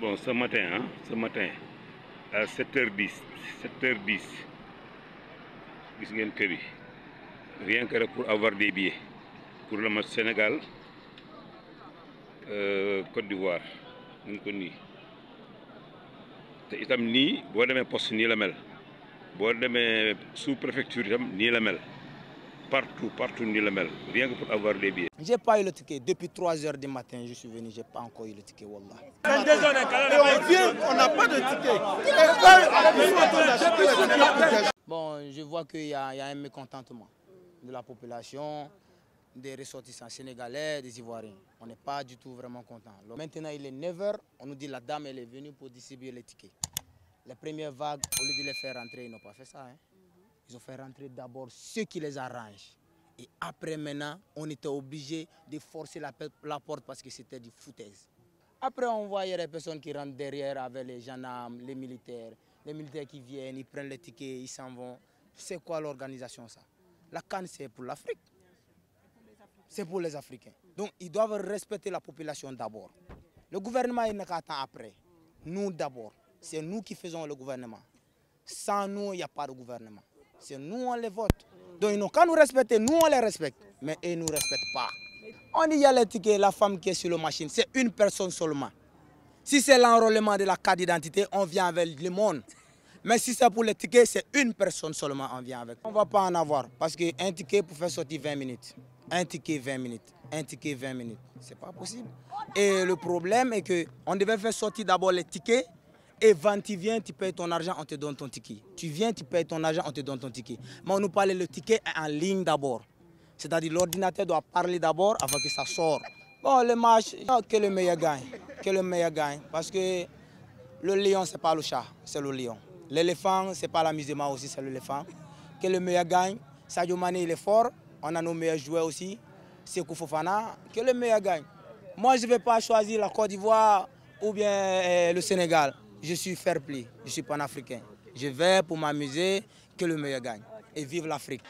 bon ce matin hein, ce matin à 7h10 7h10 gis ngeen que rien que pour avoir des billets pour le match Sénégal euh, Côte d'Ivoire ñu ni nii te itam nii boo demee poste ni la mel boo demee sous préfecture itam la mel partout, partout ni le même. rien que pour avoir des billets. J'ai pas eu le ticket. Depuis 3 heures du matin, je suis venu, j'ai pas encore eu le ticket, Wallah. on vient, on n'a pas de ticket. Bon, je vois qu'il y, a un mécontentement de la population, des ressortissants sénégalais, des Ivoiriens. On n'est pas du tout vraiment content. Maintenant, il est 9h, on nous dit la dame, elle est venue pour distribuer les tickets. Les premières vagues, au lieu de les faire rentrer, ils n'ont pas fait ça. Hein. Ils ont fait rentrer d'abord ceux qui les arrangent. Et après maintenant, on était obligé de forcer la, porte parce que c'était du foutaise. Après, on voyait les personnes qui rentrent derrière avec les gendarmes, les militaires. Les militaires qui viennent, ils prennent les tickets, ils s'en vont. C'est quoi l'organisation ça La Cannes, c'est pour l'Afrique. C'est pour les Africains. Donc, ils doivent respecter la population d'abord. Le gouvernement, il a qu'à après. Nous d'abord. C'est nous qui faisons le gouvernement. Sans nous, il n'y a pas de gouvernement. C'est nous, on les vote. Donc ils n'ont qu'à nous respecter, nous, on les respecte. Mais ils ne nous respectent pas. On dit, il y a les tickets, la femme qui est sur la machine, c'est une personne seulement. Si c'est l'enrôlement de la carte d'identité, on vient avec le monde. Mais si c'est pour les tickets, c'est une personne seulement on vient avec. On ne va pas en avoir parce qu'un ticket pour faire sortir 20 minutes. Un ticket 20 minutes. Un ticket 20 minutes. C'est pas possible. Et le problème est qu'on devait faire sortir d'abord les tickets et quand tu viens, tu payes ton argent, on te donne ton ticket. Tu viens, tu payes ton argent, on te donne ton ticket. Mais on nous parlait le ticket en ligne d'abord. C'est-à-dire l'ordinateur doit parler d'abord avant que ça sorte. Bon, le match, oh, que le meilleur gagne. Que le meilleur gagne. Parce que le lion, ce n'est pas le chat, c'est le lion. L'éléphant, ce n'est pas l'amusement aussi, c'est l'éléphant. Que le meilleur gagne. Sadio Mane, il est fort. On a nos meilleurs joueurs aussi. C'est Fofana. Que le meilleur gagne. Moi, je ne vais pas choisir la Côte d'Ivoire ou bien eh, le Sénégal je suis fair play, je suis panafricain. Je vais pour m'amuser, que le meilleur gagne. Et vive l'Afrique.